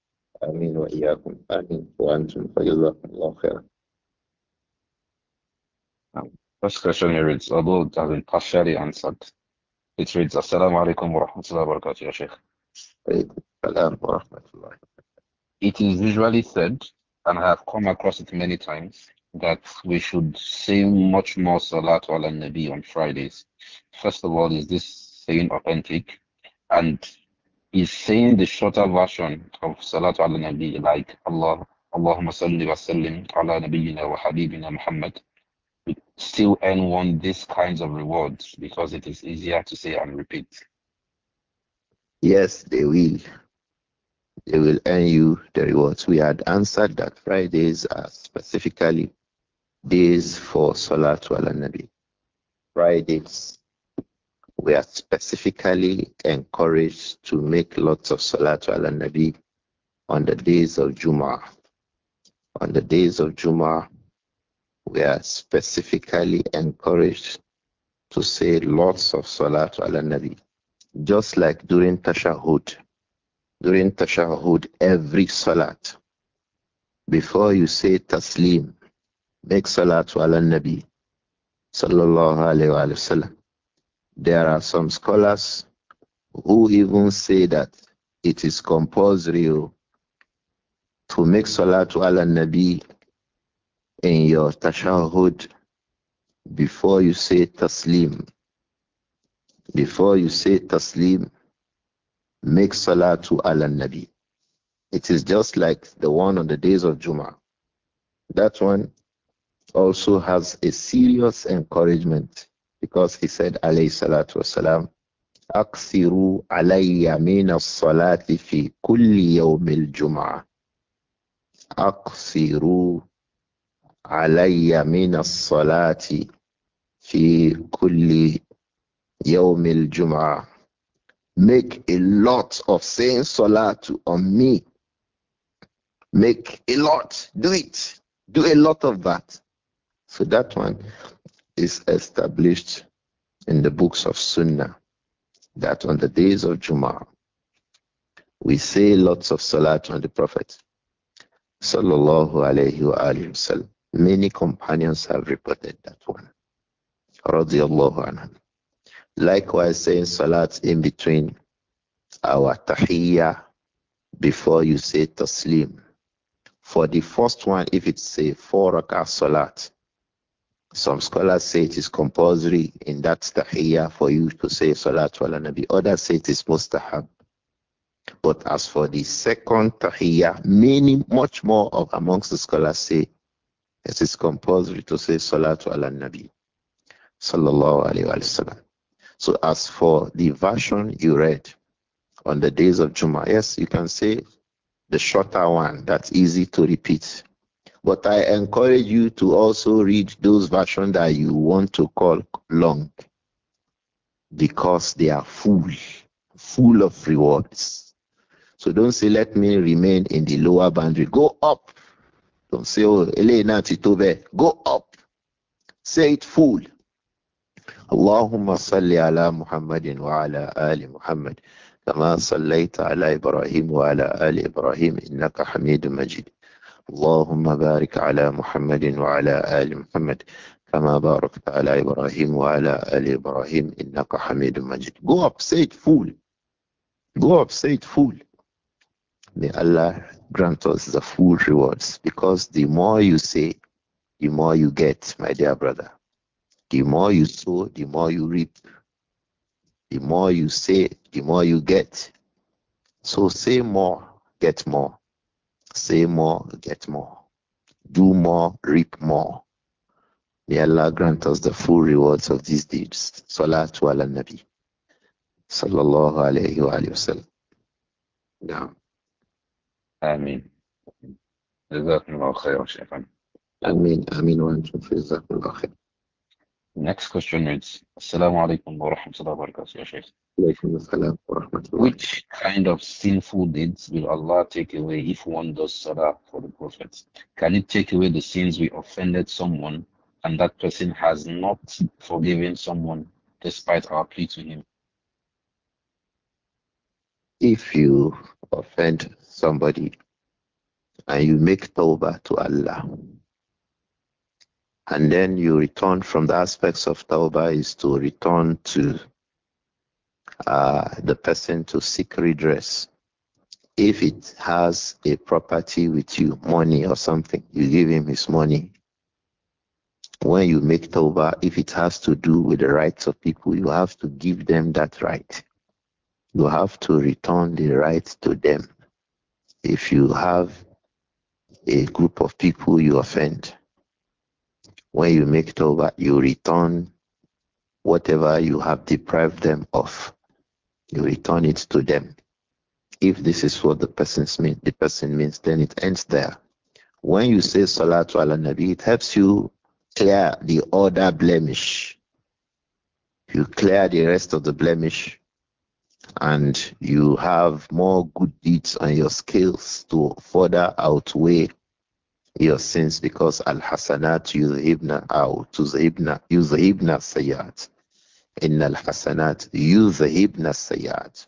آمين وإياكم آمين وأنتم فجزاكم الله خيرا First question he reads, Abu it has partially answered, it reads, Assalamu alaikum wa rahmatullahi wa barakatuh, Ya Sheikh. It is usually said, and I have come across it many times, that we should say much more Salatu ala Nabi on Fridays. First of all, is this saying authentic? and is saying the shorter version of Salatu ala Nabi, like Allah, Allahumma salli wa sallim ala Nabiyyina wa Habibina Muhammad, still earn one these kinds of rewards because it is easier to say and repeat. Yes, they will. They will earn you the rewards. We had answered that Fridays are specifically days for Salatu ala Nabi. Fridays we are specifically encouraged to make lots of salatul ala nabi on the days of Juma, On the days of Juma, we are specifically encouraged to say lots of salatul ala nabi. Just like during tashahud. During tashahud, every salat, before you say taslim, make salatul ala nabi sallallahu alaihi wasallam. There are some scholars who even say that it is compulsory to make to Allah nabi in your tashahud before you say taslim. Before you say taslim, make to Allāh nabi. It is just like the one on the days of Jummah. That one also has a serious encouragement because he said, alayhi salatu wasalam, أكثروا علي من الصلاة في كل يوم الجمعة أكثروا علي من الصلاة في كل يوم الجمعة make a lot of saying salat on me make a lot do it do a lot of that so that one is established in the books of Sunnah that on the days of Jum'ah we say lots of salat on the Prophet. Sallallahu alayhi wa alayhi Many companions have reported that one. Radiallahu anhum. Likewise, saying salat in between our tahiyyah before you say taslim. For the first one, if it's a four rak'ah salat, some scholars say it is compulsory in that tahiyya for you to say Salatul ala Nabi. Others say it is mustahab. But as for the second tahiyya, many, much more of amongst the scholars say it is compulsory to say Salatul ala Nabi. Sallallahu alayhi wa sallam. So as for the version you read on the days of Jummah, yes, you can say the shorter one that's easy to repeat. But I encourage you to also read those versions that you want to call long because they are full, full of rewards. So don't say, let me remain in the lower boundary. Go up. Don't say, oh, Elena Titobe. Go up. Say it full. اللهم صل على محمد وعلى آل محمد كما صليت على إبراهيم وعلى آل إبراهيم إنك حميد مجيد اللهم بارك على محمد وعلى آل محمد كما باركت على إبراهيم وعلى آل إبراهيم إنك حميد مجيد Go up, say it full. Go up, say it full. May Allah grant us the full rewards because the more you say, the more you get, my dear brother. The more you sow, the more you reap. The more you say, the more you get. So say more, get more. Say more, get more. Do more, reap more. May Allah grant us the full rewards of these deeds. Salatu ala Nabi. Sallallahu alayhi wa sallam. Now. Ameen. جزاكم الله خيرا شيخنا. امين امين وانتم في جزاكم الله خير Next question is: Assalamu alaikum wa rahmatullahi wa barakatuh, Which kind of sinful deeds will Allah take away if one does salah for the Prophet? Can it take away the sins we offended someone and that person has not forgiven someone despite our plea to him? If you offend somebody and you make tawbah to Allah, and then you return from the aspects of tawbah is to return to uh, the person to seek redress. If it has a property with you, money or something, you give him his money. When you make tawbah, if it has to do with the rights of people, you have to give them that right. You have to return the right to them. If you have a group of people you offend, when you make it over, you return whatever you have deprived them of. You return it to them. If this is what the person means, the person means, then it ends there. When you say Salatu ala Nabi, it helps you clear the other blemish. You clear the rest of the blemish, and you have more good deeds on your scales to further outweigh your sins because al hasanat yuzhibna aw tuzhibna yuzhibna sayyat in al hasanat yuzhibna sayyat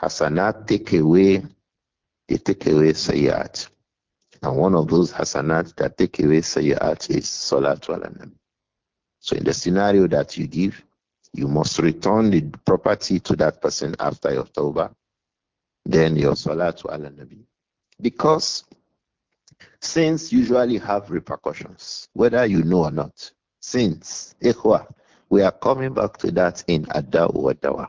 hasanat take away they take away sayyat and one of those hasanat that take away sayyat is salatu al nabi so in the scenario that you give you must return the property to that person after your tawbah then your salatu al nabi because Sins usually have repercussions, whether you know or not. Sins, ikhwa, we are coming back to that in Adaw wa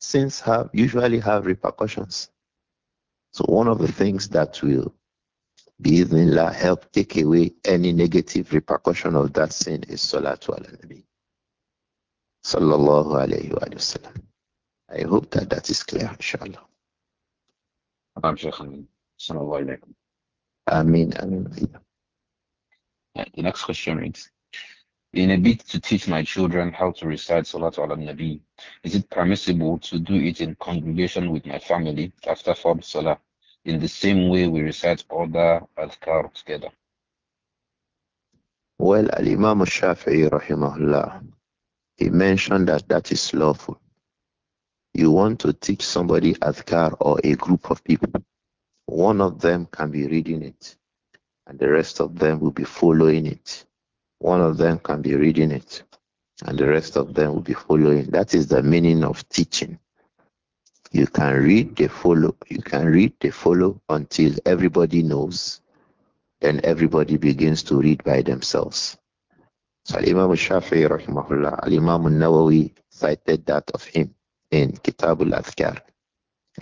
Sins have usually have repercussions. So one of the things that will be Bismillah help take away any negative repercussion of that sin is Salatu ala Sallallahu alayhi wa sallam. I hope that that is clear, inshallah. Amin. I mean, yeah. The next question reads In a bid to teach my children how to recite Salat al Nabi, is it permissible to do it in congregation with my family after Fard Salah, in the same way we recite other Adhkar together? Well, Al Imam Shafi'i, rahimahullah, he mentioned that that is lawful. You want to teach somebody Adhkar or a group of people one of them can be reading it, and the rest of them will be following it. One of them can be reading it, and the rest of them will be following. That is the meaning of teaching. You can read, they follow, you can read, they follow until everybody knows. Then everybody begins to read by themselves. So Imam Shafi'i rahimahullah, Imam Nawawi cited that of him in Kitabul Adhkar.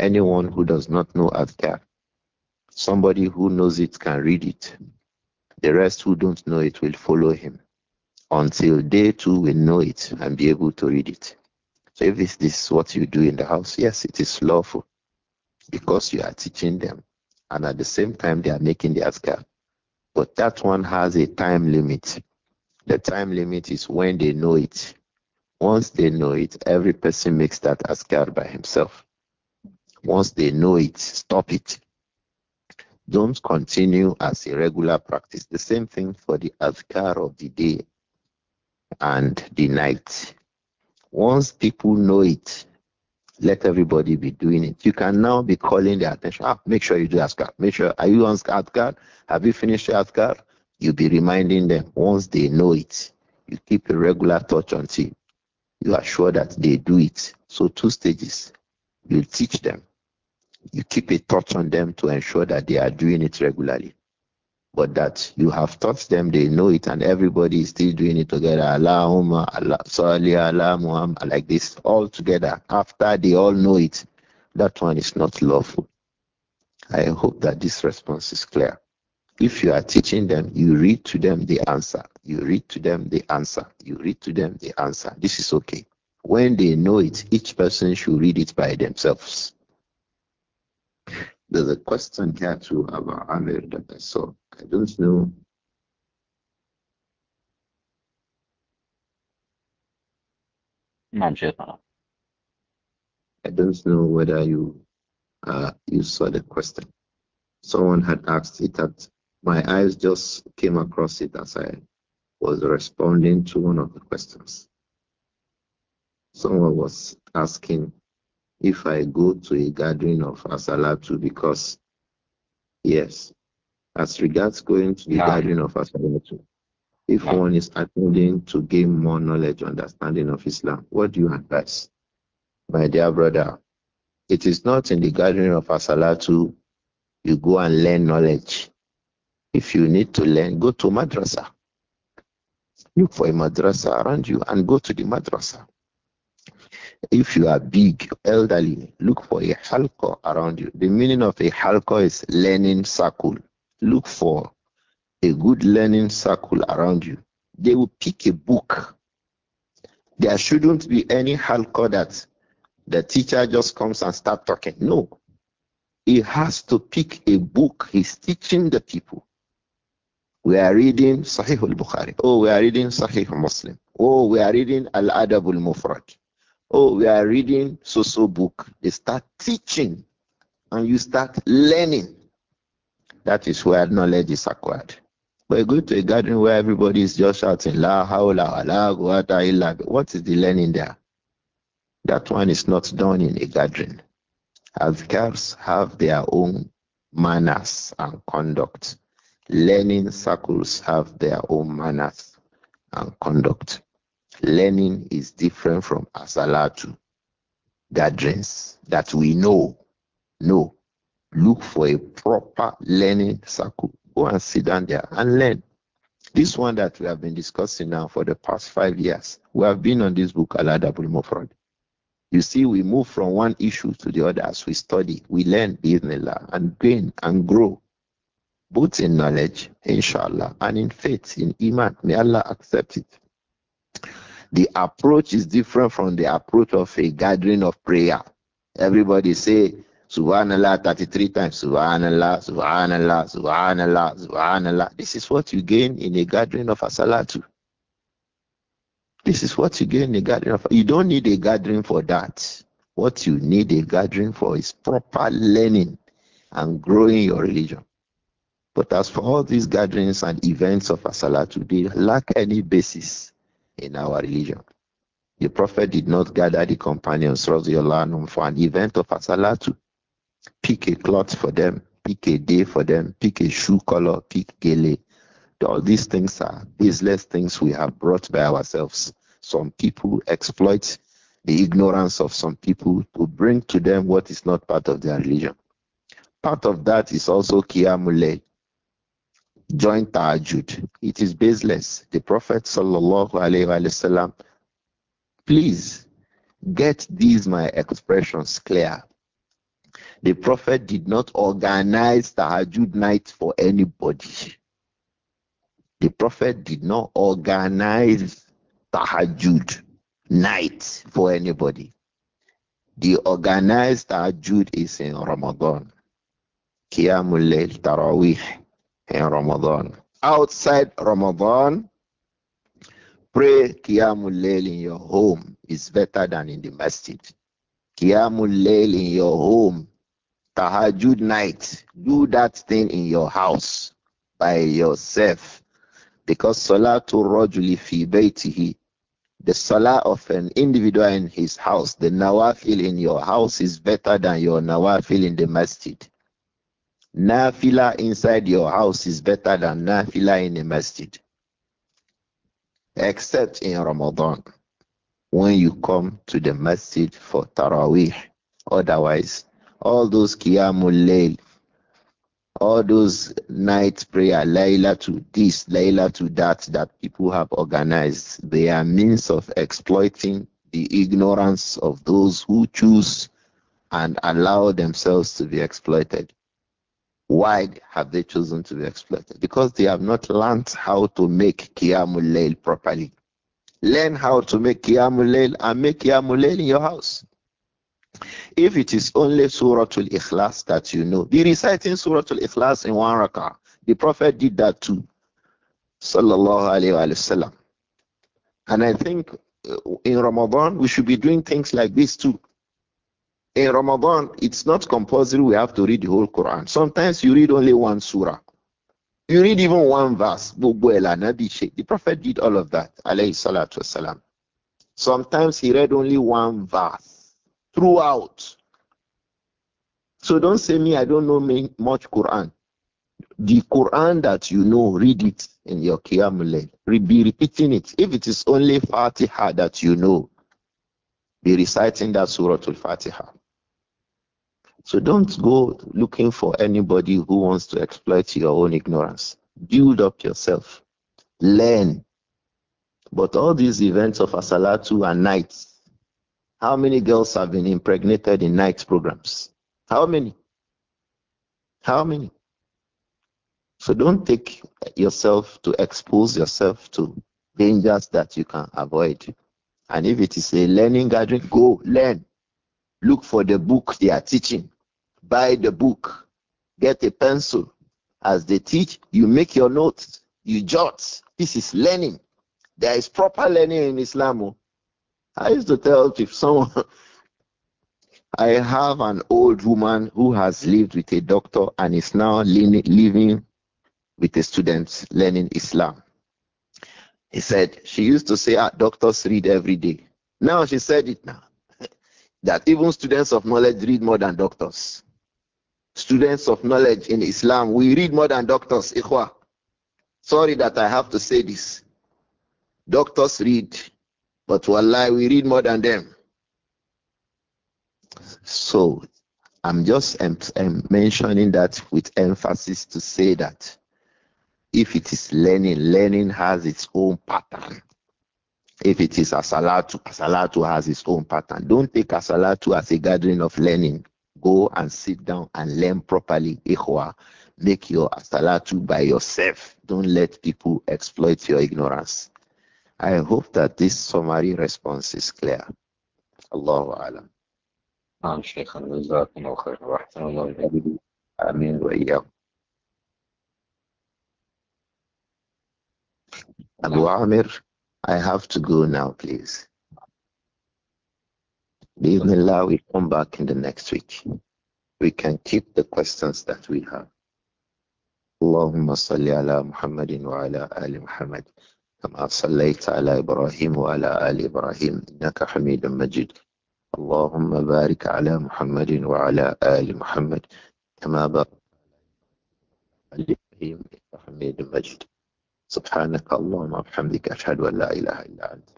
Anyone who does not know Adhkar, Somebody who knows it can read it. The rest who don't know it will follow him until they too will know it and be able to read it. So if this, this is what you do in the house, yes, it is lawful because you are teaching them and at the same time they are making the askar. But that one has a time limit. The time limit is when they know it. Once they know it, every person makes that askar by himself. Once they know it, stop it. Don't continue as a regular practice. The same thing for the adhkar of the day and the night. Once people know it, let everybody be doing it. You can now be calling their attention. Ah, make sure you do adhkar. Make sure, are you on adhkar? Have you finished your adhkar? You'll be reminding them once they know it. You keep a regular touch on until you are sure that they do it. So two stages. You teach them you keep a touch on them to ensure that they are doing it regularly. But that you have taught them, they know it, and everybody is still doing it together. Allahumma, Allah, Salli, Allah, Muhammad, like this, all together. After they all know it, that one is not lawful. I hope that this response is clear. If you are teaching them, you read to them the answer. You read to them the answer. You read to them the answer. This is okay. When they know it, each person should read it by themselves. There's a question here too about Amir that I saw. I don't know. Not sure. I don't know whether you uh, you saw the question. Someone had asked it that my eyes just came across it as I was responding to one of the questions. Someone was asking if I go to a gathering of Asalatu because, yes, as regards going to the yeah. gathering of Asalatu, if yeah. one is attending to gain more knowledge, understanding of Islam, what do you advise? My dear brother, it is not in the gathering of Asalatu you go and learn knowledge. If you need to learn, go to madrasa. Look for a madrasa around you and go to the madrasa. If you are big, elderly, look for a halqa around you. The meaning of a halqa is learning circle. Look for a good learning circle around you. They will pick a book. There shouldn't be any halqa that the teacher just comes and start talking. No. He has to pick a book. He's teaching the people. We are reading Sahih al-Bukhari. Oh, we are reading Sahih Muslim. Oh, we are reading Al-Adab al-Mufrad. Oh, we are reading so so book. They start teaching and you start learning. That is where knowledge is acquired. But go to a garden where everybody is just shouting, La haula la guata illa. What is the learning there? That one is not done in a garden. Adhkars have their own manners and conduct. Learning circles have their own manners and conduct. Learning is different from asalatu, gatherings that we know. No. Look for a proper learning circle. Go and sit down there and learn. This one that we have been discussing now for the past five years, we have been on this book, Aladabul Mufrad. You see, we move from one issue to the other as we study, we learn Bismillah and gain and grow, both in knowledge, inshallah, and in faith, in Iman. May Allah accept it the approach is different from the approach of a gathering of prayer. Everybody say Subhanallah 33 times, Subhanallah, Subhanallah, Subhanallah, Subhanallah. This is what you gain in a gathering of Asalatu. This is what you gain in a gathering of. You don't need a gathering for that. What you need a gathering for is proper learning and growing your religion. But as for all these gatherings and events of Asalatu, they lack any basis in our religion. The Prophet did not gather the companions anhum, for an event of to Pick a cloth for them, pick a day for them, pick a shoe color, pick gele. All these things are baseless things we have brought by ourselves. Some people exploit the ignorance of some people to bring to them what is not part of their religion. Part of that is also Qiyamulay join tajud. It is baseless. The Prophet sallallahu alaihi wasallam, please get these my expressions clear. The Prophet did not organize tahajjud night for anybody. The Prophet did not organize tahajjud night for anybody. The organized tahajjud is in Ramadan. Qiyamul Layl in Ramadan. Outside Ramadan, pray Qiyamul Layl in your home is better than in the masjid. Qiyamul Layl in your home, tahajud night, do that thing in your house by yourself. Because Salatul Rajuli fi baytihi, the Salah of an individual in his house, the Nawafil in your house is better than your Nawafil in the masjid. Nafila inside your house is better than nafila in a masjid. Except in Ramadan, when you come to the masjid for Taraweeh. Otherwise, all those Qiyamul Layl, all those night prayer, Layla to this, Layla to that, that people have organized, they are means of exploiting the ignorance of those who choose and allow themselves to be exploited. Why have they chosen to be exploited? Because they have not learned how to make Qiyamul Layl properly. Learn how to make Qiyamul Layl and make Qiyamul Layl in your house. If it is only Surah Al Ikhlas that you know, be reciting Surah Al Ikhlas in one rakah. The Prophet did that too. Sallallahu Alaihi Wasallam. and I think uh, in Ramadan, we should be doing things like this too in Ramadan, it's not compulsory we have to read the whole Quran. Sometimes you read only one surah. You read even one verse. The Prophet did all of that. Alayhi Sometimes he read only one verse throughout. So don't say me, I don't know much Quran. The Quran that you know, read it in your Qiyamul Be repeating it. If it is only Fatiha that you know, be reciting that Surah Al-Fatiha. So don't go looking for anybody who wants to exploit your own ignorance. Build up yourself, learn. But all these events of Asalatu and nights, how many girls have been impregnated in night programs? How many? How many? So don't take yourself to expose yourself to dangers that you can avoid. And if it is a learning gathering, go learn. Look for the book they are teaching Buy the book. Get a pencil. As they teach, you make your notes. You jot. This is learning. There is proper learning in Islam. Oh. I used to tell if someone, [laughs] I have an old woman who has lived with a doctor and is now living with a student learning Islam. He said she used to say, ah, doctors read every day. Now she said it now [laughs] that even students of knowledge read more than doctors students of knowledge in Islam, we read more than doctors, ikhwa. Sorry that I have to say this. Doctors read, but wallahi, we read more than them. So I'm just em- em mentioning that with emphasis to say that if it is learning, learning has its own pattern. If it is asalatu, asalatu has its own pattern. Don't take asalatu as a gathering of learning. Go and sit down and learn properly, Ikhwa. Make your astalatu by yourself. Don't let people exploit your ignorance. I hope that this summary response is clear. Allahu Alam. Abu Amir, I have to go now, please. Bismillah, we come back in the next week. We can keep the questions that we have. اللهم صل على محمد وعلى آل محمد كما صليت على إبراهيم وعلى آل إبراهيم إنك حميد مجيد اللهم بارك على محمد وعلى آل محمد كما بارك على إبراهيم إنك حميد مجيد سبحانك اللهم وبحمدك أشهد أن لا إله إلا أنت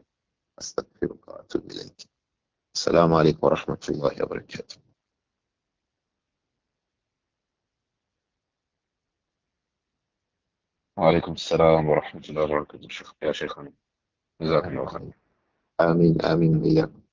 أستغفرك وأتوب إليك السلام عليكم ورحمة الله وبركاته وعليكم السلام ورحمة الله وبركاته يا شيخنا جزاك الله خير آمين آمين إياكم